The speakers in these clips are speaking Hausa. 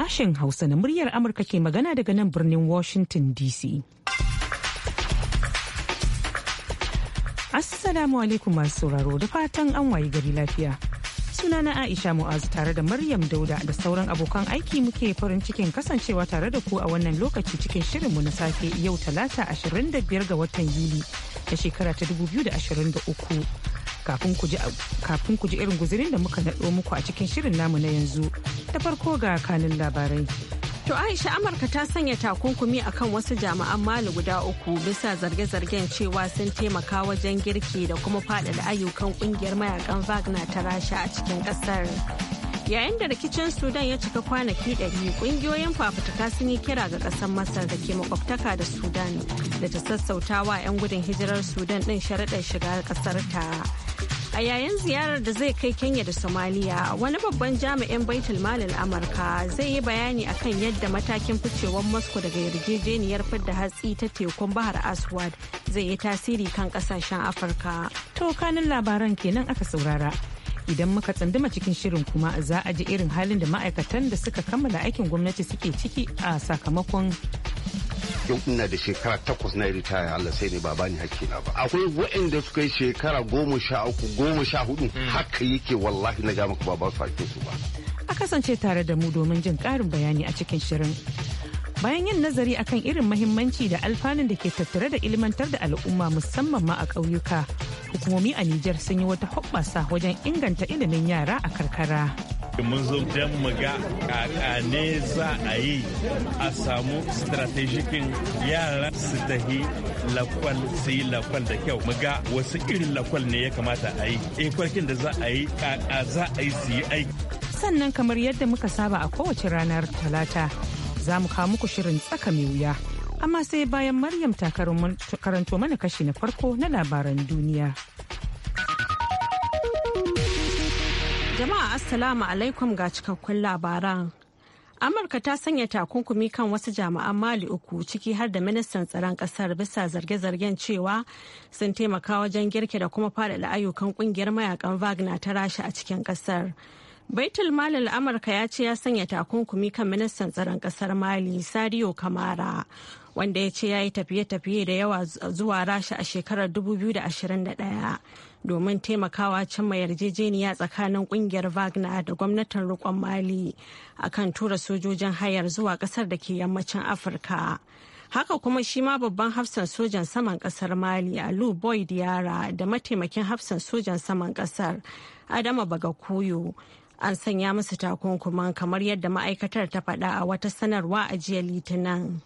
sashen Hausa na muryar Amurka ke magana daga nan birnin Washington DC. Assalamu alaikum masu sauraro da fatan an wayi gari lafiya. Sunana Aisha Mu'azu tare da Maryam Dauda da sauran abokan aiki muke farin cikin kasancewa tare da ku a wannan lokaci cikin shirin mu na safe yau talata 25 ga watan Yuli da shekara ta 2023. kafin ku ji irin guzirin da muka naɗo muku a cikin shirin namu na yanzu da farko ga kanin labarai. To Aisha Amurka ta sanya takunkumi akan wasu jami'an Mali guda uku bisa zarge-zargen cewa sun taimaka wajen girki da kuma faɗaɗa ayyukan ƙungiyar mayakan Wagner ta Rasha a cikin ƙasar. Yayin da rikicin Sudan ya cika kwanaki ɗari ƙungiyoyin fafutuka sun yi kira ga ƙasar Masar da ke makwabtaka da Sudan da ta sassautawa 'yan gudun hijirar Sudan ɗin sharaɗar shiga ƙasar ta. a yayin ziyarar da zai kai kenya da somaliya wani babban jami'in baitul malin amurka zai yi bayani akan yadda matakin ficewar masko daga yarjejeniyar fidda hatsi ta tekun bahar aswad zai yi tasiri kan kasashen afirka to kanin labaran kenan aka saurara idan muka tsanduma cikin shirin kuma za a ji irin halin da ma'aikatan da suka kammala aikin gwamnati suke ciki a sakamakon yau ina da shekara takwas na ritaya Allah sai ne ba bani na ba akwai waɗanda suka yi shekara goma sha uku goma sha hudu hmm. haka yake wallahi na ga maka ba su hakkin su ba a kasance tare da mu domin jin karin bayani a cikin shirin bayan yin nazari akan irin mahimmanci da alfanun da ke tattare da ilmantar da al'umma musamman ma a ƙauyuka hukumomi a Nijar sun yi wata hoɓɓasa wajen inganta ilimin yara a karkara. mun zo don mu ga kakane za a yi a samu strategikin yara su tahi lakwal su yi lakwal da kyau mu wasu irin lakwal ne ya kamata a yi ikwarkin eh, da za a yi kaka za a yi su yi aiki sannan kamar yadda muka saba a kowace ranar talata za mu kawo muku shirin tsaka mai wuya amma sai bayan maryam ta karanto mana kashi na farko na labaran duniya Jama'a Assalamu alaikum ga cikakkun labaran. Amurka ta sanya takunkumi kan wasu jami'an Mali uku ciki har da ministan tsaron kasar bisa zarge-zargen cewa sun taimaka wajen girke da kuma faɗaɗa ayyukan kungiyar mayakan Wagner ta rasha a cikin kasar. Baitul Malal Amurka ya ce ya sanya takunkumi kan ministan tsaron kasar Mali Sadio Kamara wanda ya ce ya yi tafiye-tafiye da yawa zuwa rasha a shekarar 2021 domin taimakawa cimma yarjejeniya tsakanin kungiyar wagner da gwamnatin rikon mali akan tura sojojin hayar zuwa kasar da ke yammacin afirka haka kuma shi ma babban hafsan sojan saman kasar mali alu boy diara da mataimakin hafsan sojan saman kasar adama bagakuyo an sanya musu takunkuman kamar yadda ma'aikatar ta faɗa a wata sanarwa a jiya litinin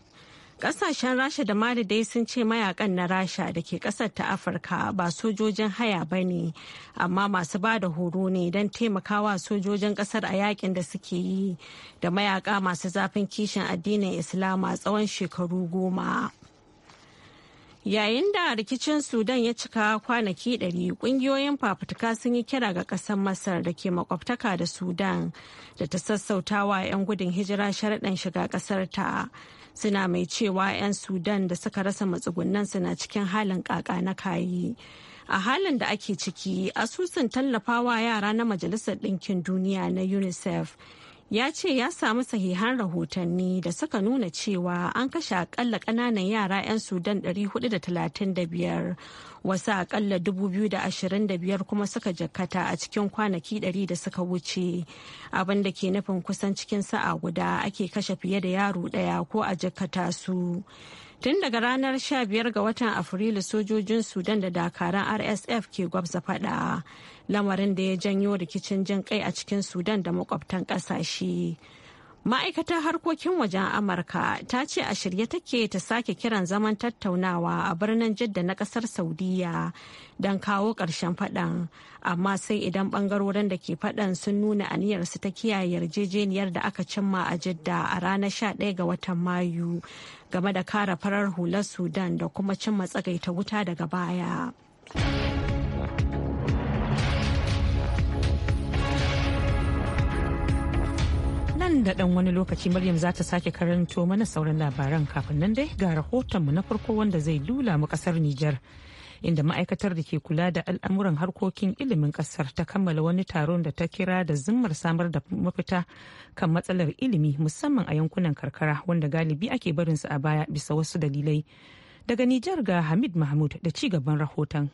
Kasashen Rasha da Mali dai sun ce mayakan na Rasha da ke kasar ta Afirka ba sojojin haya ba ne, amma masu ba da horo ne don taimakawa sojojin kasar a yakin da suke yi da mayaka masu zafin kishin addinin Islama tsawon shekaru goma. Yayin da rikicin Sudan ya cika kwanaki 100 ƙungiyoyin fafutuka sun yi kira ga ƙasar Masar da ke makwabtaka da Sudan da ta sassautawa 'yan gudun hijira sharaɗin shiga ƙasar ta. suna mai cewa 'yan sudan da suka rasa matsugunan suna cikin halin kaka na kayi a halin da ake ciki asusun tallafawa yara na majalisar ɗinkin duniya na unicef ya ce ya samu sahihan rahotanni da suka nuna cewa an kashe akalla kananan yara 'yan sudan 435 wasu akalla 225 kuma suka jakata a cikin kwanaki 100 da suka wuce abinda ke nufin kusan cikin sa'a guda ake kashe fiye da yaro daya ko a jakata su Tun daga ranar 15 ga watan Afrilu sojojin Sudan da dakaran RSF ke gwabza fada lamarin da ya janyo rikicin jin kai a cikin Sudan da makwabtan ƙasashe. ma'aikatar harkokin wajen amurka ta ce a shirye take ta sake kiran zaman tattaunawa a birnin jidda na kasar saudiya don kawo ƙarshen faɗan amma sai idan ɓangarorin da ke faɗan sun nuna aniyarsu ta kiyaye yarjejeniyar da aka cimma a jidda a ranar 11 ga watan mayu game da kara farar hular sudan da kuma cimma tsagaita wuta daga baya. da ɗan wani lokaci Maryam za ta sake karanto mana sauran labaran kafin nan dai ga rahotonmu na farko wanda zai lula mu kasar Nijar. Inda ma'aikatar da ke kula da al'amuran harkokin ilimin kasar ta kammala wani taron da ta kira da zimmar samar da mafita kan matsalar ilimi musamman a yankunan karkara wanda galibi ake su a baya bisa wasu dalilai. Daga Nijar ga Hamid Mahmud da ci gaban rahoton.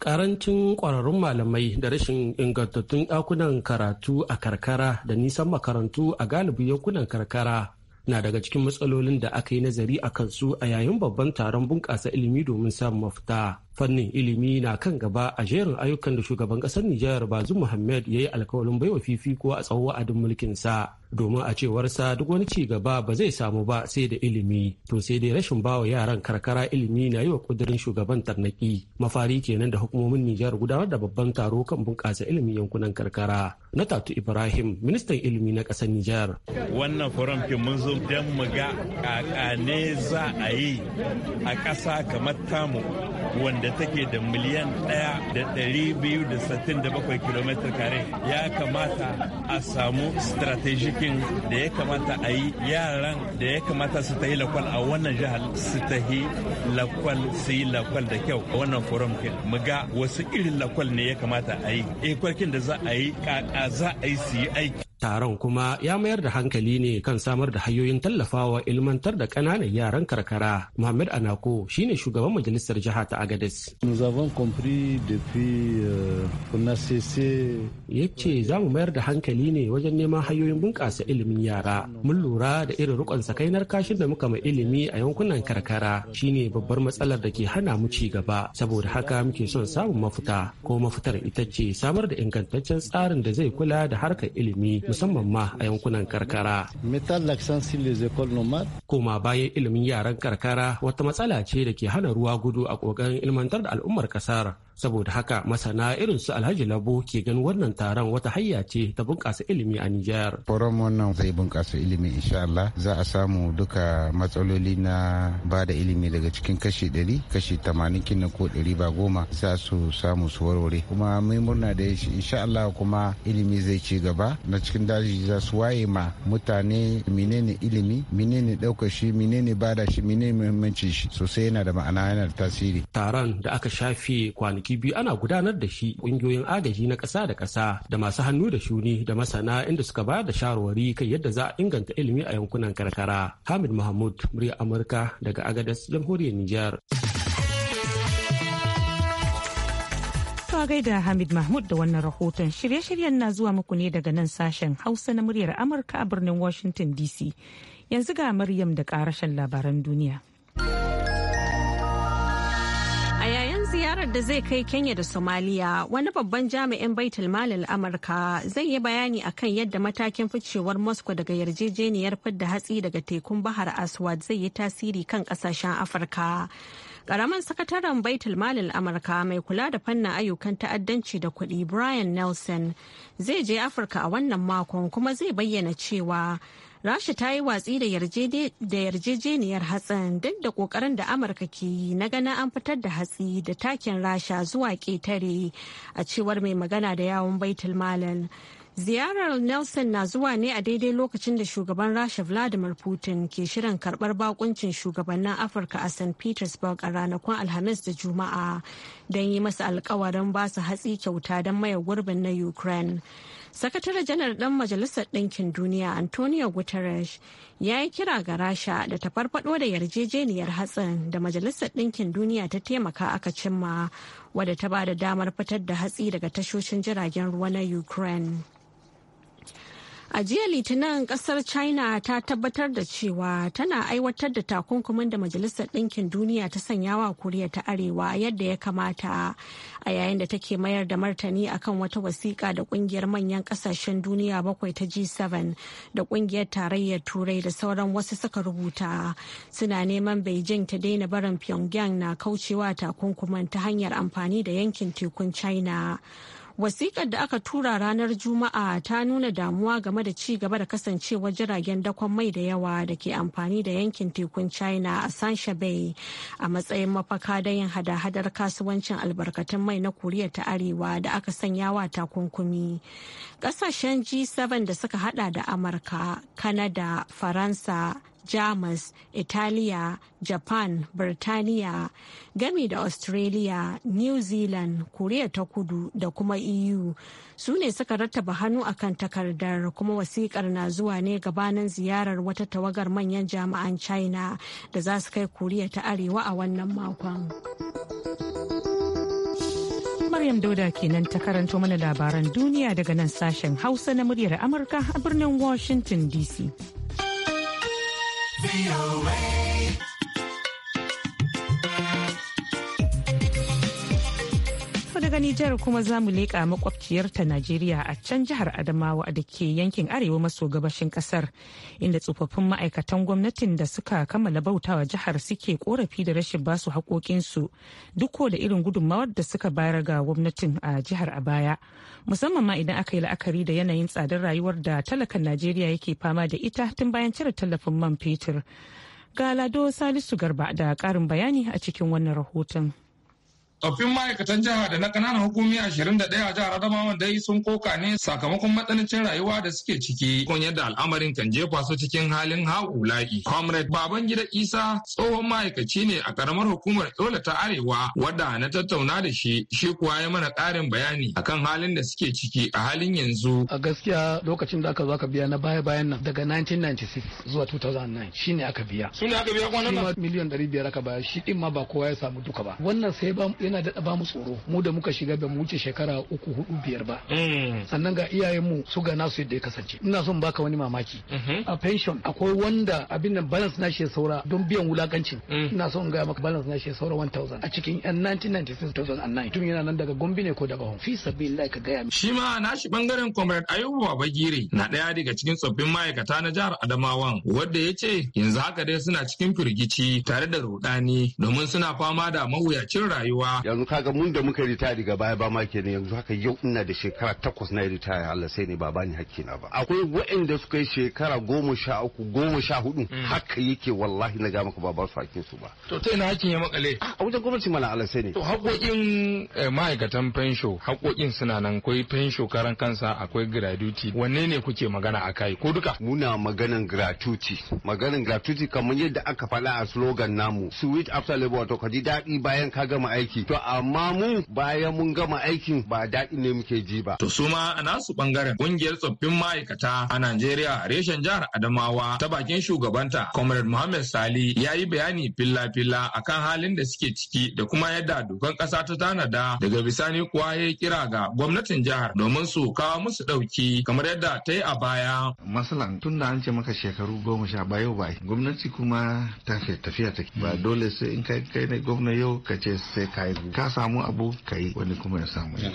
Karancin ƙwararrun malamai da rashin ingantattun ɗakunan karatu a karkara da nisan makarantu a galibi yankunan karkara na daga cikin matsalolin da aka yi nazari a kansu a yayin babban taron bunƙasa ilimi domin samun mafita. fannin ilimi na kan gaba a jerin ayyukan da shugaban kasar Nijar Bazum Muhammad ya yi alkawarin baiwa fifiko a tsawon wa'adin mulkin sa domin a cewarsa duk wani ci gaba ba zai samu ba sai da ilimi to sai dai rashin bawa yaran karkara ilimi na yi wa kudirin shugaban tarnaki mafari kenan da hukumomin Nijar gudanar da babban taro kan bunƙasa ilimin yankunan karkara na Tatu Ibrahim ministan ilimi na ƙasar Nijar wannan faramfin mun zo don mu ga kakane za a yi a ƙasa kamar tamu wanda da take da miliyan ɗaya da ɗari biyu da sittin da bakwai kilomita kare ya kamata a samu strategikin da ya kamata a yi yaran da ya kamata su tahi lakwal a wannan jihar su tahi lakwal su yi lakwal da kyau a wannan forum kin mu ga wasu irin lakwal ne ya kamata a yi ikwarkin eh, da za a yi kaka za a yi su yi aiki Taron kuma ya mayar da hankali ne kan samar da hanyoyin tallafawa ilmantar da ƙananan yaran karkara. Muhammad Anako shine shugaban majalisar jiha ta Agadez. Euh, ya ce za mu mayar da hankali ne wajen neman hanyoyin bunƙasa ilimin yara. Mun lura da irin rukon sakainar kashin da muka mai ilimi a yankunan karkara shine babbar matsalar da ke hana mu ci gaba. Saboda haka muke son samun mafita ko mafitar ita ce samar da ingantaccen tsarin da zai kula da harkar ilimi musamman ma a yankunan karkara. Koma bayan ilimin yaran karkara wata matsala ce da ke hana ruwa gudu a ƙoƙarin ilmantar da al'ummar ƙasar. saboda haka masana irin su alhaji labo ke gan wannan taron wata hayya ce ta bunƙasa ilimi a nijar forum wannan zai bunƙasa ilimi insha Allah za a samu duka matsaloli na ba da ilimi daga cikin kashi ɗari kashi tamanin kinna ko ɗari ba goma za su samu su warware kuma mai murna da insha Allah kuma ilimi zai ci gaba na cikin daji za su waye ma mutane menene ilimi menene ɗaukar shi menene bada shi menene muhimmancin shi sosai yana da ma'ana yana da tasiri taron da aka shafi kwanaki kwanaki biyu ana gudanar da shi ƙungiyoyin agaji na ƙasa da ƙasa da masu hannu da shuni da masana inda suka ba da shawarwari kan yadda za a inganta ilimi a yankunan karkara. Hamid Mahmud, murya Amurka daga Agadas, Jamhuriyar Nijar. Ka gaida Hamid Mahmud da wannan rahoton shirye-shiryen na zuwa muku ne daga nan sashen Hausa na muryar Amurka a birnin Washington DC. Yanzu ga Maryam da ƙarashen labaran duniya. da zai kai Kenya da Somalia wani babban jami'in baitul malal Amurka zai yi bayani akan yadda matakin ficewar Moscow daga yarjejeniyar fidda hatsi daga tekun Bahar Aswad zai yi tasiri kan kasashen Afirka. Karamin sakataren baitul malal Amurka mai kula da fannin ayyukan ta'addanci da kuɗi Brian Nelson zai je Afirka a wannan makon kuma zai bayyana cewa Rasha ta yi watsi da yarjejeniyar hatsin duk da kokarin da Amurka ke yi na ganin an fitar da hatsi da takin Rasha zuwa ƙetare a cewar mai magana da yawon baitul malam. Ziyarar Nelson na zuwa ne a daidai lokacin da shugaban Rasha Vladimir Putin ke shirin karbar bakuncin shugabannin Afirka a St. Petersburg a ranakun Alhamis da Juma'a don yi masa alkawarin basu hatsi kyauta don maye gurbin na Ukraine. sakatare janar ɗan majalisar ɗinkin duniya antonio guterres ya yi kira ga rasha da ta farfado da yarjejeniyar hatsin da majalisar ɗinkin duniya ta taimaka aka cimma wadda ta ba da damar fitar da hatsi daga tashoshin jiragen ruwa na ukraine A jiya Litinin kasar China ta tabbatar da cewa tana aiwatar da takunkumin da Majalisar Ɗinkin Duniya ta sanya wa Koriya ta Arewa yadda ya kamata a yayin da take mayar da martani akan wata wasiƙa da ƙungiyar manyan ƙasashen duniya bakwai ta G7 da ƙungiyar tarayyar Turai da sauran wasu suka rubuta suna neman Beijing ta daina barin Pyongyang na kaucewa takunkuman ta hanyar amfani da yankin tekun China. wasikar da aka tura ranar Juma'a ta nuna damuwa game da ci gaba da kasancewa jiragen dakon mai da yawa da ke amfani da yankin tekun China a Sansha Bay a matsayin mafaka da yin hada-hadar kasuwancin albarkatun mai na Koriya ta Arewa da aka sanya wa takunkumi. kasashen G7 da suka hada da Amurka, Kanada, Faransa, jamus italiya japan birtaniya gami da australia new zealand korea ta kudu da kuma eu su ne suka rattaba hannu akan takardar kuma wasikar na zuwa ne gabanin ziyarar wata tawagar manyan jami'an china da za su kai koriya ta arewa a wannan makon Maryam Dauda kenan ta karanto mana labaran duniya daga nan sashen Hausa na muryar Amurka a birnin Washington DC. VOA. daga Nijar kuma za mu leƙa makwabciyarta Najeriya a can jihar Adamawa da ke yankin arewa maso gabashin kasar inda tsofaffin ma'aikatan gwamnatin da suka kammala bautawa jihar suke korafi da rashin basu haƙoƙinsu duk da irin gudunmawar da suka bayar ga gwamnatin a jihar a baya musamman ma idan aka yi la'akari da yanayin tsadar rayuwar da talakan Najeriya yake fama da ita tun bayan cire tallafin man fetur. Ga Lado Salisu Garba da ƙarin bayani a cikin wannan rahoton. Tsoffin ma'aikatan jiha da na kananan hukumi 21 a jihar Adamawa dai sun koka ne sakamakon matsanancin rayuwa da suke ciki kun yadda al'amarin kan jefa su cikin halin ha'ula'i. Comrade Babangida Isa tsohon ma'aikaci ne a karamar hukumar dole ta Arewa wadda na tattauna da shi shi kuwa ya mana ƙarin bayani akan halin da suke ciki a halin yanzu. A gaskiya lokacin da aka zo aka biya na baya bayan nan daga 1996 zuwa 2009 shine aka biya. Sune aka biya kwanan nan? Miliyan 500 aka baya shi din ma ba kowa ya samu duka ba. Wannan sai ba yana daɗa ba mu tsoro mu da muka shiga ba mu wuce shekara uku hudu biyar ba mm. sannan ga iyayenmu su ga nasu yadda ya kasance ina son baka wani mamaki mm-hmm. a pension akwai wanda abin nan balance na shi saura don biyan wulakancin mm. ina son ga maka balance na shi saura 1000 a cikin 1996 2009 tun yana nan daga gombe ne ko daga hon fi sabilillahi ka gaya shi ma na shi bangaren comrade ayubu babagire na daya daga cikin tsoffin ma'aikata na jihar adamawan wanda ya ce yanzu haka dai suna cikin firgici tare da rudani domin suna fama da mawuyacin rayuwa kuma yanzu kaga mun da muka ritaya daga baya ba ma kenan yanzu haka yau ina da shekara takwas na ritaya Allah sai ne ba hakki na ba akwai waɗanda suka yi shekara goma sha uku goma sha hudu mm. haka yake wallahi na ga maka ba ba su hakkin su ba to ta ina hakkin ya makale a wajen gwamnati mana Allah sai ne to haƙoƙin eh, ma'aikatan fensho haƙoƙin suna nan akwai fensho karan kansa akwai gratuity wanne ne kuke magana a kai ko duka muna maganan gratuity maganan gratuity kamar yadda aka faɗa a slogan namu sweet after labor to ka ji daɗi bayan ka gama aiki to amma mu bayan mun gama aikin ba daɗi ne muke ji ba. To suma a nasu ɓangaren ƙungiyar tsoffin ma'aikata a Najeriya reshen jihar Adamawa ta bakin shugabanta Comrade Mohammed Sali ya yi bayani filla-filla akan halin da suke ciki da kuma yadda dokan ƙasa ta tanada daga bisani kuwa ya kira ga gwamnatin jihar domin su kawo musu ɗauki kamar yadda ta yi a baya. Masalan tun da an ce maka shekaru goma sha bayo yau ba gwamnati kuma ta tafiya take ba dole sai in kai kai ne gwamna yau ka ce sai ka Mm-hmm. ka samu abu ka yi wani kuma ya samu ya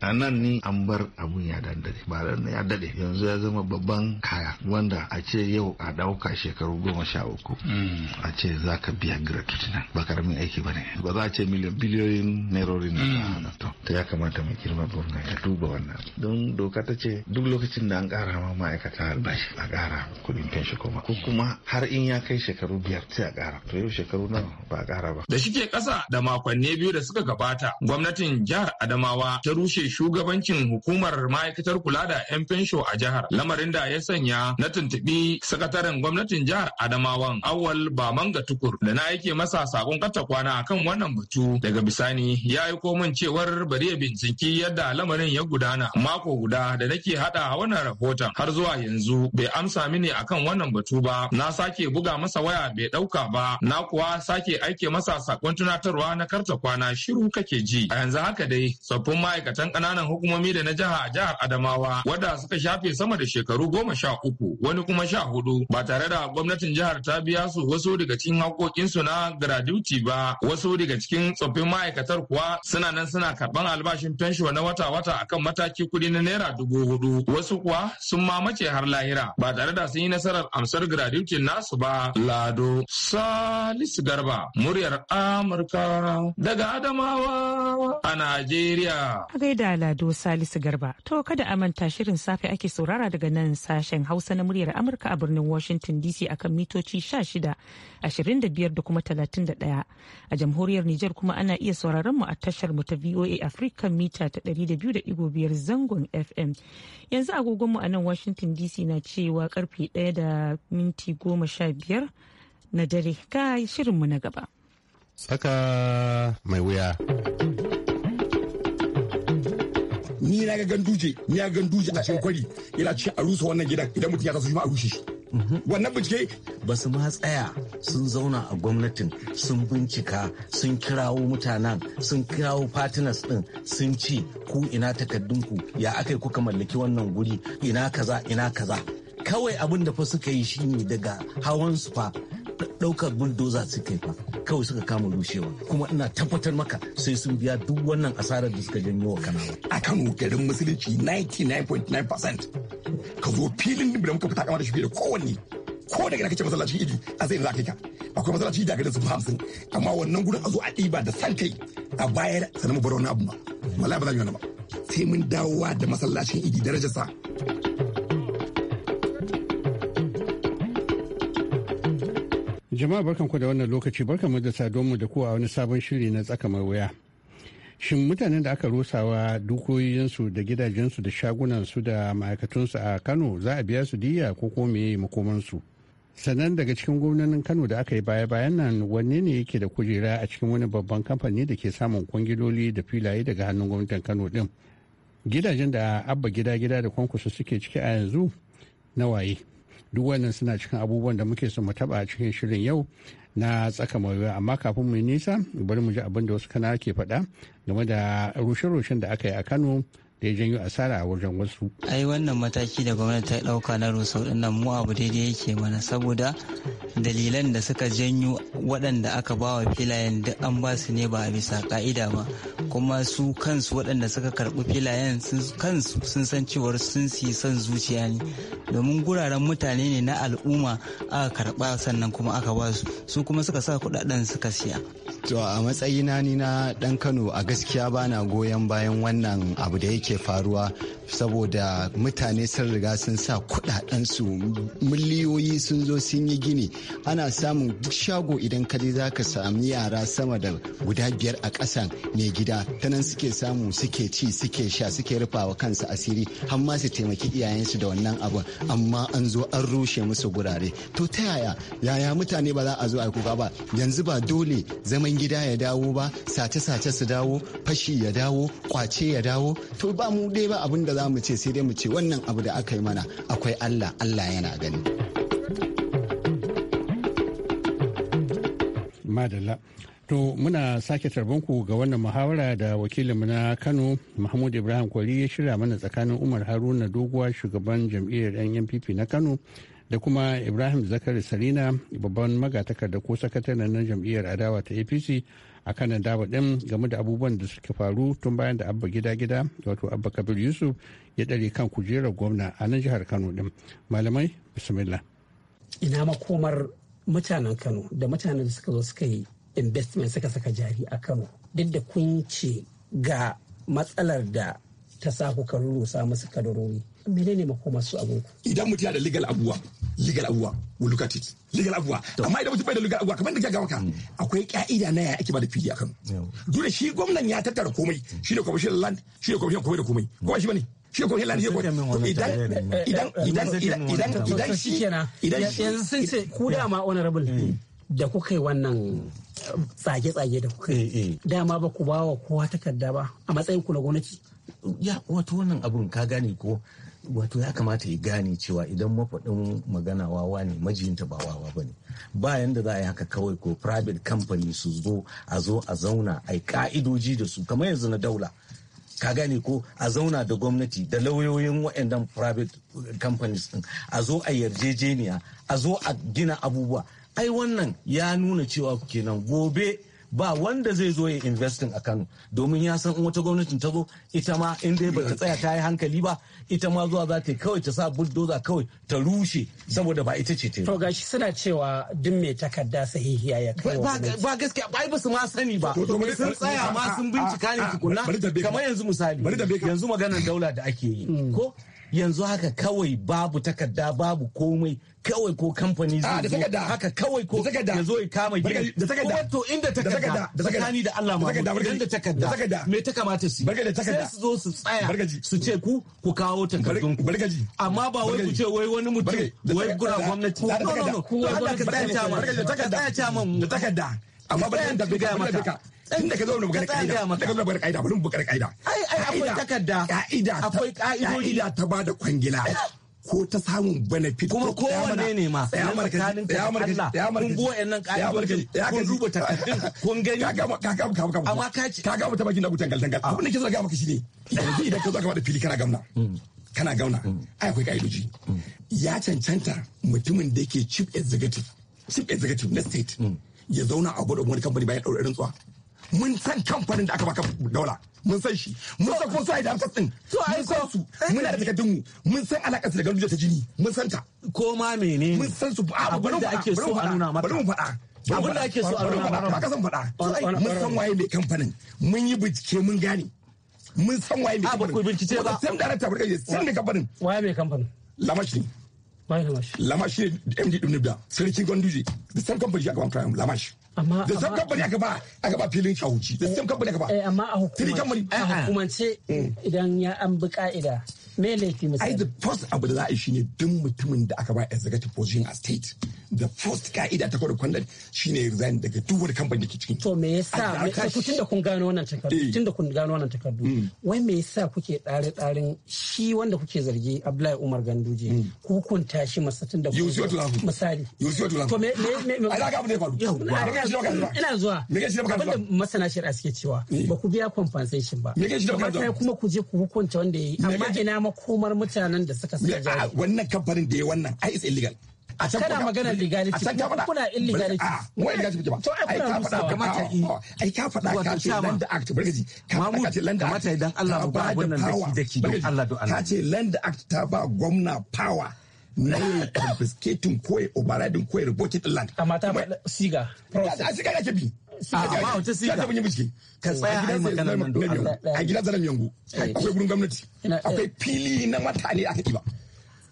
a nan ni an bar abun ya dandare ba ya dade yanzu ya zama babban kaya wanda a ce yau a dauka shekaru goma sha uku mm. a ce za ka biya gratuity nan ba karamin aiki ba ne ba za a ce miliyan biliyoyin nerori na mm. to ta ya kamata mai girma gwamna ya duba wannan don doka ta ce duk lokacin da an kara ma ma'aikata albashi a kara kudin fenshi kuma ko kuma har in ya kai shekaru biyar sai a kara to yau shekaru nawa ba a kara ba da shike kasa da makonni biyu da suka gabata gwamnatin jihar Adamawa ta rushe shugabancin hukumar ma'aikatar kula da 'yan fensho a jihar lamarin da ya sanya na tuntuɓi sakataren gwamnatin jihar Adamawan Awal manga Tukur da na aike masa sakon kata kwana akan wannan batu daga bisani ya yi min cewar bari ya binciki yadda lamarin ya gudana mako guda da nake hada wannan rahoton har zuwa yanzu bai amsa mini akan wannan batu ba na sake buga masa waya bai dauka ba na kuwa sake aike masa sakon tunatarwa na karta kwana shiru kake ji. A yanzu haka dai tsoffin ma'aikatan ƙananan hukumomi da na jiha a jihar Adamawa wadda suka shafe sama da shekaru goma sha uku wani kuma sha hudu ba tare da gwamnatin jihar ta biya su wasu daga cikin haƙoƙinsu na graduti ba wasu daga cikin tsoffin ma'aikatar kuwa suna nan suna karɓan albashin fensho na wata-wata akan mataki kuɗi na naira dubu hudu wasu kuwa sun mamace har lahira ba tare da sun yi nasarar amsar graduti nasu ba lado salisu garba muryar amurka daga Adamawa a Najeriya. Gaida Lado Salisu Garba, to kada a manta shirin safe ake saurara daga nan sashen Hausa na muryar Amurka a birnin Washington DC a kan mitoci 16, da kuma 31. A jamhuriyar Nijar kuma ana iya sauraron mu a tashar mu ta VOA Africa mita ta 200.5 zangon FM. Yanzu agogon mu a nan Washington DC na cewa karfe 1 da minti 15 na dare ga shirinmu na gaba. tsaka mai wuya. Ni na ga ganduje, ni na ga ganduje a cikin kwari, yana ce a rusa wannan gidan idan mutum ya taso shi ma a rushe shi. Mhm. Wannan bincike ba su ma tsaya sun zauna a gwamnatin sun bincika sun kirawo mutanen sun kirawo partners din sun ce ku ina takardunku ya aka yi kuka mallaki wannan guri ina kaza ina kaza kawai abin da fa suka yi shi ne daga hawan su fa ɗaukar bulldozer suka yi fa kawai suka kama rushewa kuma ina tabbatar maka sai sun biya duk wannan asarar da suka janyo wa kanawa a kano garin musulunci 99.9% ka zo filin da muka fita kama da shi da kowanne ko daga da kace masallacin idi a zai za ka ka akwai masallaci da garin su hamsin amma wannan gurin a zo a ɗiba da san kai a bayar sanin mu bar wani abu ba wallahi ba za mu yi wani ba sai mun dawowa da masallacin idi darajarsa Jama'a barkanku da wannan lokaci barka mu da mu da a wani sabon shiri na tsaka mai wuya. Shin mutanen da aka rusawa dukoyinsu da gidajensu da shagunansu da ma'aikatunsu a Kano za a biya su diya ko ko me makomansu? Sannan daga cikin gwamnonin Kano da aka yi baya-bayan nan wanne ne yake da kujera a cikin wani babban kamfani da ke samun kwangiloli da filaye daga hannun gwamnatin Kano din? Gidajen da abba gida-gida da kwankwaso suke ciki a yanzu na waye? duk wannan suna cikin abubuwan da muke so mu taba a cikin shirin yau na tsaka mai amma kafin mu nisa bari mu ji abin da wasu kana ke faɗa game da rushe-rushen da aka yi a kano da ya janyo asara a wajen wasu. ai wannan mataki da gwamnati ta ɗauka na rusau dinnan mu abu daidai yake mana saboda dalilan da suka janyo waɗanda aka ba wa filayen duk an ba su ne ba a bisa ka'ida ba kuma su kansu waɗanda suka karɓi filayen kansu sun san cewar sun siyi son zuciya ne domin guraren mutane ne na al'umma aka karba sannan kuma aka ba su su kuma suka sa kudaden suka siya to a matsayina ni na dan Kano a gaskiya bana goyon bayan wannan abu da yake faruwa saboda mutane sun riga sun sa kudaden su miliyoyi sun zo sun yi gini ana samun duk shago idan ka je zaka sami yara sama da guda biyar a ƙasan mai gida ta nan suke samu suke ci suke sha suke rufawa kansu asiri har ma su taimaki iyayensu da wannan abu. amma an zo an rushe musu gurare to ta yaya yaya mutane ba za a zo a kuka ba yanzu ba dole zaman gida ya dawo ba sace-sace su dawo fashi ya dawo kwace ya dawo to ba mu dai ba abin da za mu ce sai dai mu ce wannan abu da aka yi mana akwai allah allah yana gani madalla To muna sake ku ga wannan muhawara da wakilinmu na Kano Mahmud Ibrahim Kwari ya shirya mana tsakanin Umar Haruna Doguwa shugaban jam'iyyar 'yan NPP na Kano da kuma Ibrahim Zakari Sarina babban magatakarda ko sakataren na jam'iyyar adawa ta APC a kan dawa ɗin game da abubuwan da suka faru tun bayan da abba gida gida wato abba kabir yusuf ya ɗare kan kujerar gwamna a nan jihar kano din malamai bismillah ina makomar mutanen kano da mutanen da suka zo suka yi investment saka saka jari a kano duk da kun ce ga matsalar da ta sa ku sa musu kadarori menene makoma su abun idan mutum da legal abuwa legal abuwa we look at it legal abuwa amma idan mutum bai da legal abuwa kamar da ga waka akwai ka'ida na ya ake ba da fili akan dole shi gwamnan ya tattara komai hmm. shi ne commercial land shi ne commercial komai da komai ko shi bane shi ko ne ko idan idan idan idan idan shi kenan idan ku da ma honorable hmm. da kuka yi wannan eh, tsage-tsage da kuka yi eh, eh. dama ba ku bawa kowa takarda ba a matsayin ku na gwamnati ya wato wannan abun ka gane ko wato ya kamata ya gane cewa idan mafaɗin magana wawa ne majiyinta ba wawa ba ne ba yanda za a yi haka kawai ko private company su zo a zo a zauna a yi ka'idoji da su kamar yanzu na daula ka gane ko a zauna da gwamnati da lauyoyin waɗannan private companies din a zo a yarjejeniya a zo a gina abubuwa ai wannan ya nuna cewa kenan gobe ba wanda zai zo ya investing a Kano domin ya san in wata gwamnatin ta zo ita ma in dai ba ta tsaya ta yi hankali ba ita ma zuwa za ta kawai ta sa bulldozer kawai ta rushe saboda ba ita ce ta To gashi suna cewa duk mai takarda sahihiya ya kai ba gaskiya ba ba su ma sani ba sun tsaya ma sun bincika ne tukuna kamar yanzu misali yanzu maganar daula da ake yi hmm. ko yanzu haka kawai babu takarda babu komai kawai ko kamfani ah, zai zo haka kawai ko ya zo ya kama gida da takarda to inda takarda tsakani da Allah ma inda takarda me ta kamata su sai su zo su tsaya su ce ku ku kawo takardun ku amma ba wai ku ce wai wani mutum wai gura gwamnati no no no Allah ka tsaya ta ma ka tsaya ta ma takarda amma ba da bika Eh, tsayin da ka zo mu magana kaida da ka zo magana kaida bari mu bukar kaida ai ai akwai takarda kaida akwai kaidodi kaida ta bada kwangila eh. ko ta samun benefit kuma ko wanne ne ma ya markaji ya markaji ya markaji kun goyen nan kaidodi kun duba takardun kun gani ka gama ka gama ka gama amma ka ci ka gama ta bakin da gutan galdan gal ah. abin da ke so ga maka shine yanzu idan ka zo ka bada fili kana gamna mm. kana gauna mm. ai akwai ka'idoji mm. ya cancanta mutumin da yake chief executive chief executive na state ya zauna a gudun wani kamfani bayan daura irin tsuwa mun san kamfanin da aka baka dola mun san shi mun san kuma sai da harkar din mun san su Mun da takardun mu mun san alakar su da garuje ta jini mun san ta ko ma menene mun san su a bari da ake so a nuna mata bari mu faɗa abin da ake so a nuna mata ka san faɗa mun san waye mai kamfanin mun yi bincike mun gane mun san waye mai kamfanin a ba ku bincike ba sai da ta barkaje sai mai kamfanin waye mai kamfanin lamashi ne lamashi lamashi ne md din da sarki gonduje da san kamfanin shi aka ba mu lamashi the same company aka ba aka ba filin shahuci. the same company aka ba eh, amma a hukumance eh, eh. Mm. idan ya an bi ka'ida me laifi misali ai the first abu da za a yi shine duk mutumin da aka ba executive position a state the first guy idan ta kwada shi ne resign daga duk wani kamfani da ke cikin. To me yasa tun da kun gano wannan takardu eh. tun da kun gano wannan takardu hmm. wai me yasa kuke tsare tsarin shi wanda kuke zargi Abdullahi Umar Ganduje ku hmm. hukunta shi masa tun da misali. To me me me ai ga abin da ya faru. Ina zuwa. Me ke shi da baka zuwa. Masana shari'a suke cewa eh. ba ku biya compensation ba. Me ke shi da baka zuwa. kuma ku je ku hukunta wanda ya yi amma ina makomar mutanen da suka saka jari. Wannan kamfanin da ya wannan ai is illegal. kana magana legality kuma kuna illegality mu to oh, ai ka faɗa kamata yi ai ka faɗa ka ce land act barkaji ka faɗa ka ce land act kamata idan Allah mu da? wannan daki daki don Allah do Allah ka ce land act ta ba gwamna power na yi confiscating ko ya overriding ko ya revoking land amma ta siga a siga da ke bi amma wata siga ka tsaya oh, a yi magana nan do Allah a gidan zanen yango eh. akwai gurin gwamnati eh. akwai fili na mutane aka ba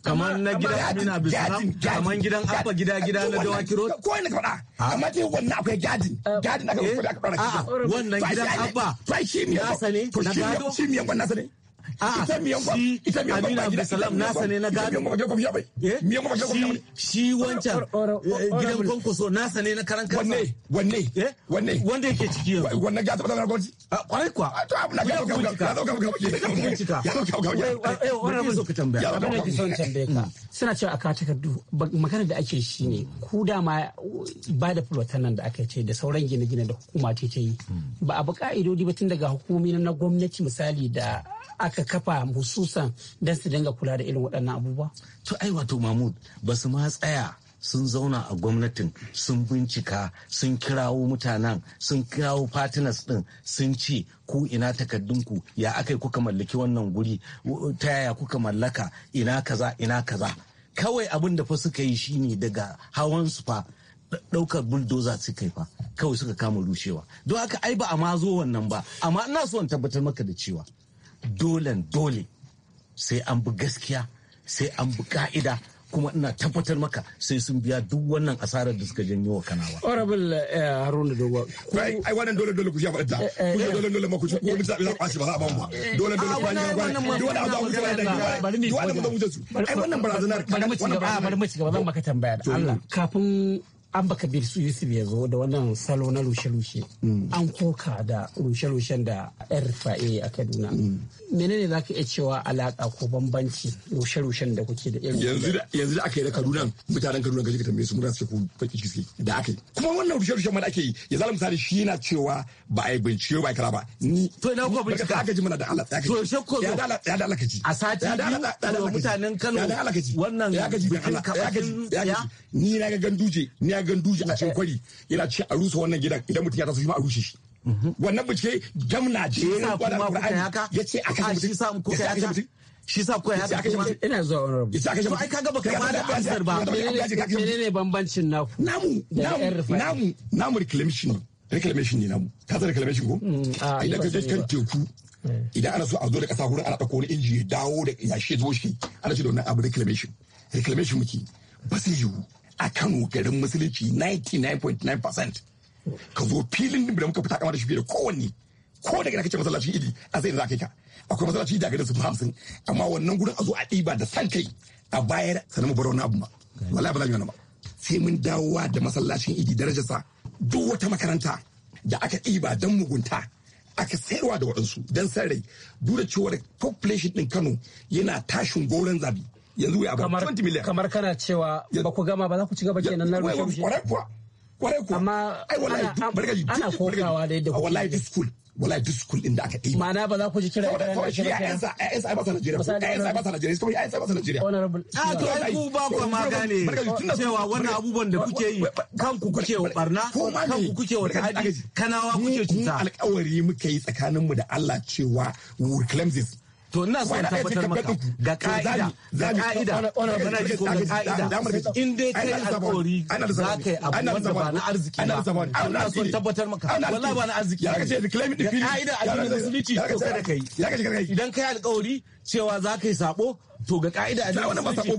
kamar na gidan Amina Bisram kamar gidan Abba gida gida na Dawaki Road ko ne ka faɗa ah. amma ce wannan akwai gadin gadin eh, aka eh? aka fara ah, wannan gidan Abba ya sani na gado shi miyan wannan sani Ah, ita miyan Amina Abdulsalam nasa ne na gado miyan kwa shi wancan eh, gidan konkoso nasa ne na karan kansa wanne wanne eh? wanne wanda yake ciki yanzu wanne ga tabbata na gwamnati ah, kwarai kwa ah, to abuna ga ga ga ga ga ga wannan zo ka tambaya abin da ke son tambaye ka mm. suna cewa aka takardu magana da ake shi ne mm. ku dama ba da fulotan nan da aka ce da sauran gine-gine da hukuma ce ta yi mm. ba a bi ka'idodi ba tun daga hukumomi na gwamnati misali da aka kafa hususan don su dinga kula da irin waɗannan abubuwa? To ai wato Mahmud ba su ma tsaya sun zauna a gwamnatin sun bincika sun kirawo mutanen sun kirawo partners din sun ce ku ina takaddunku ya yi kuka mallaki wannan guri ta yaya kuka mallaka ina kaza ina kaza kawai abin da fa suka yi shine daga hawan su fa ɗaukar buldoza suka yi fa kawai suka kama rushewa don haka ai ba a ma zo wannan ba amma ina so in tabbatar maka da cewa dolen dole sai an bi gaskiya sai an bi ka'ida kuma ina tabbatar maka sai sun biya duk wannan asarar da suka janyo wa kanawa. Honorable eh, Haruna Dogo. Ai wannan dole dole ku ya faɗa eh, eh, Ku ji dole dole ma ku ji ku ba za a ba mu ba. Dole dole ku ji ba. Duk wanda ba ya ji da ni ba. ba ku ji su. Ai wannan barazanar kana wannan ba bari mu ci gaba zan maka tambaya da Allah. Kafin an baka bir su yusuf ya zo da wannan salo na rushe-rushe mm. an koka da rushe-rushen da yan a kaduna mm. menene za ka iya cewa alaƙa ko bambanci rushe-rushen da kuke da irin yanzu da aka yi da kaduna mutanen kaduna gaji ka tambaye su muna suke ku ciki da aka yi kuma wannan rushe-rushen ma da ake yi ya zala misali shi yana cewa ba a yi bincike ba a kira ba ni to ina ko bincike ka ji mana da Allah ya to ya da Allah ya da Allah kaji a sati biyu mutanen Kano ya da wannan ya kaji ya kaji ni na ga ganduje ni gan duji a cikin kwari yana ce a rusa wannan gidan idan mutum ya taso shi ma a rushe shi wannan bincike gamna je ya kwada Qur'ani ya ce a kashe mutum ya kashe mutum shi sa kuwa ya kashe mutum ina zuwa honorable wani rabu to ai kaga baka ma da ansar ba menene bambancin naku namu namu namu reclamation reclamation ne namu ka san reclamation ko mm, mm, ah, idan ka je kan teku eh. idan ana so a zo da kasa gurin ana ɗauko wani inji ya dawo da yashi zuwa shi ana ce da wannan abu reclamation reclamation muke ba sai yiwu a Kano garin musulunci 99.9% ka zo filin da muka fita kama da shi da kowanne ko daga kace masallacin idi a zai zaka ka akwai masallaci da garin su hamsin amma wannan gurin a zo a ɗiba da san kai a bayar sanin mu wani abu ba wallahi ba za ba sai mun dawowa da masallacin idi darajarsa duk wata makaranta da aka ɗiba don mugunta aka sayarwa da waɗansu don sarai rai duk da cewar population din kano yana tashin goron zabi yanzu we about 20 million kamar kana cewa ba ku gama ba za ku ci gaba kenan na rushe kwarai kuwa kwarai kuwa amma ai wallahi ana kokawa da yadda kuke wallahi this school wallahi this school din da aka yi Ma'ana ba za ku ji kira da kawai shi ƴaƴansa ƴaƴansa ba sa Najeriya ai ƴaƴansa ba sa Najeriya ai ƴaƴansa ba sa Najeriya. A to ai ku ba ku ma gane cewa wannan abubuwan da kuke yi kanku kuke wa barna kanku kuke wa hadi kanawa kuke cuta. Alƙawari muke yi tsakaninmu da Allah cewa we will claim this to ina so eh, tabbatar maka ga ka'ida ga ka'ida ana ji ko ga ka'ida in dai kai alƙawari za ka yi abu wanda ba na arziki ba ina so tabbatar maka wallahi ba na arziki ba ga ka'ida addinin musulunci to kada kai idan kai alƙawari cewa za ka yi sabo to ga ka'ida a wannan ba sako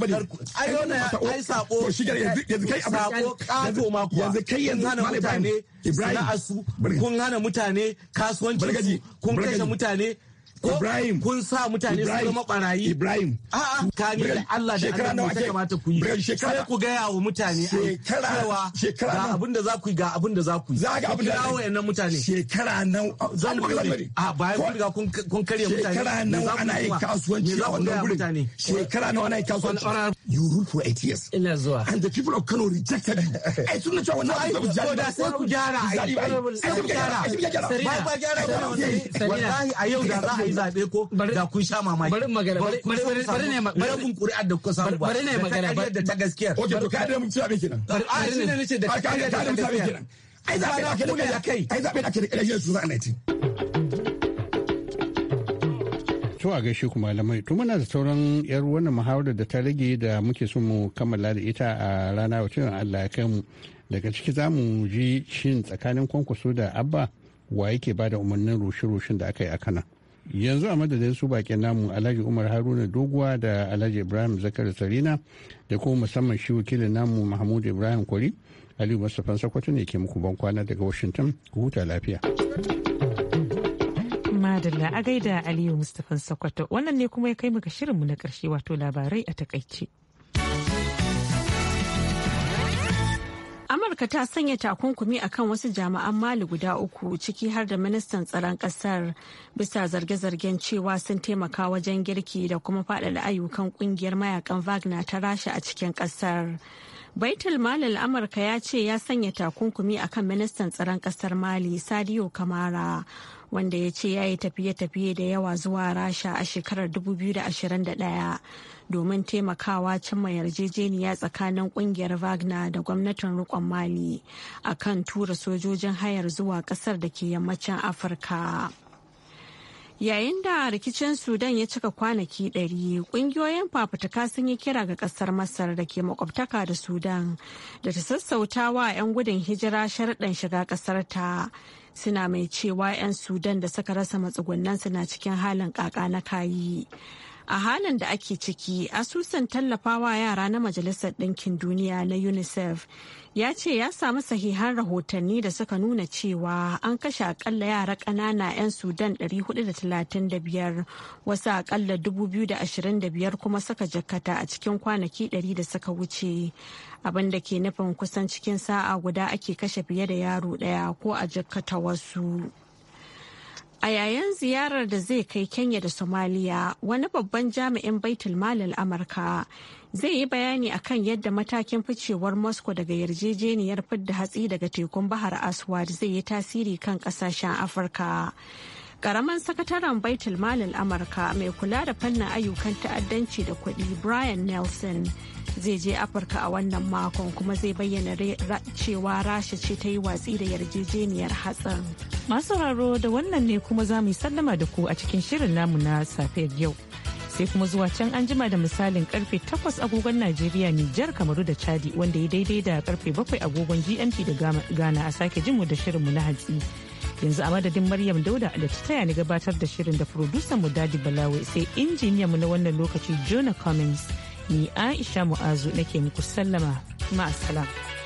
ai wannan ai sako to yanzu yanzu kai abu sako kato ma kuwa yanzu kai yanzu hana mutane Ibrahim kun hana mutane kasuwanci kun kashe mutane Ibrahim. Kun sa mutane su zama barayi. Ibrahim. a kani da Allah da Allah ne ta kamata ku yi. Sai ku gaya wa mutane cewa ga abin da za ku yi ga abin da za ku yi. Za ga abin da za ku yi. mutane. Shekara nan zan ku yi. A bayan kun riga kun karya mutane. Shekara nan ana yin kasuwanci a wannan gurin. Shekara nan ana yin kasuwanci. you rule for eight years. Ina zuwa. And the people of Kano rejected you. Ai sun cewa wannan ai ku gyara. Sai ku gyara. Sai ku gyara. Ai ku gyara. gyara Wallahi a yau da za a yi zabe ko da kun sha mamaki. Bari magana. Bari bari ne magana. Bari kun kuri da kuka samu ba. Bari ne magana. Bari da ta gaskiya. Okay to ka da mun ci abin kenan. A ne nace da ka da mun ci abin kenan. Ai zabe da kai. Ai zabe da kai. Ai zabe da kai. Ai zabe da kai. To a gaishe ku malamai. To muna da sauran yar wannan muhawarar da ta rage da muke so mu kammala da ita a rana wacce Allah ya kai mu. Daga ciki za mu ji shin tsakanin kwankwaso da abba wa yake ba da umarnin rushe-rushen da aka yi a kana. Yanzu a madadin su bakin namu Alhaji Umar Haruna Doguwa da Alhaji Ibrahim Zakar Sarina da kuma musamman shi wakilin namu Mahmud Ibrahim Kwari. Aliyu Mustapha Sakwato ne ke muku ban kwana daga Washington. Ku huta lafiya. Adalla a gaida Aliyu Mustapha Sokoto wannan ne kuma ya kai mu ga shirinmu na ƙarshe wato labarai a takaice. Amurka ta sanya takunkumi akan wasu jami'an Mali guda uku ciki har da ministan tsaron kasar bisa zarge-zargen cewa sun taimaka wajen girki da kuma faɗaɗa ayyukan kungiyar mayakan Wagner ta rasha a cikin kasar. Baitul Malal Amurka ya ce ya sanya takunkumi akan ministan tsaron kasar Mali Sadio Kamara wanda ya ce ya yi tafiye-tafiye da yawa zuwa Rasha a shekarar 2021 domin taimakawa cimma yarjejeniya tsakanin kungiyar Wagner da gwamnatin rikon Mali akan tura sojojin hayar zuwa kasar da ke yammacin Afirka. Yayin da rikicin Sudan ya cika kwanaki ɗari, ƙungiyoyin fafutuka sun yi kira ga ƙasar Masar da ke makwabtaka da Sudan da ta sassautawa 'yan gudun hijira sharaɗin shiga ƙasar ta. Suna mai cewa 'yan Sudan da suka rasa matsugunansu na cikin halin ƙaƙa na kayi. a halin da ake ciki asusun tallafawa yara na majalisar ɗinkin duniya na unicef ya ce ya samu sahihan rahotanni da suka nuna cewa an kashe akalla yara ƙanana 'yan sudan 435 wasu akalla 225 kuma suka jakata a cikin kwanaki 100 da suka wuce abin da ke nufin kusan cikin sa'a guda ake kashe fiye da yaro ɗaya ko a jakata wasu. A yayin ziyarar da zai kai Kenya da Somalia, wani babban jami'in baitul malal Amurka zai yi bayani akan yadda matakin ficewar Moscow daga yarjejeniyar fidda hatsi daga tekun Bahar Aswad zai yi tasiri kan kasashen Afirka. Karaman sakataren baitul malin Amurka mai kula da fannin ayyukan ta'addanci da kuɗi Brian Nelson zai je Afirka a wannan makon kuma zai bayyana cewa Rasha ce ta yi watsi da yarjejeniyar hatsin. Masu raro da wannan ne kuma za mu yi sallama da ku a cikin shirin namu na safiyar yau. sai kuma zuwa can an jima da misalin karfe 8 agogon Najeriya Nijar Kamaru da Chadi wanda ya daidai da karfe 7 agogon GMT da Ghana a sake jinmu da shirinmu na hatsi. yanzu a madadin maryam dauda da ta taya ni gabatar da shirin da furodusan mu dadi balawe sai injiniyan mu na wannan lokaci jona cummings ni aisha mu'azu nake muku sallama ma'asala.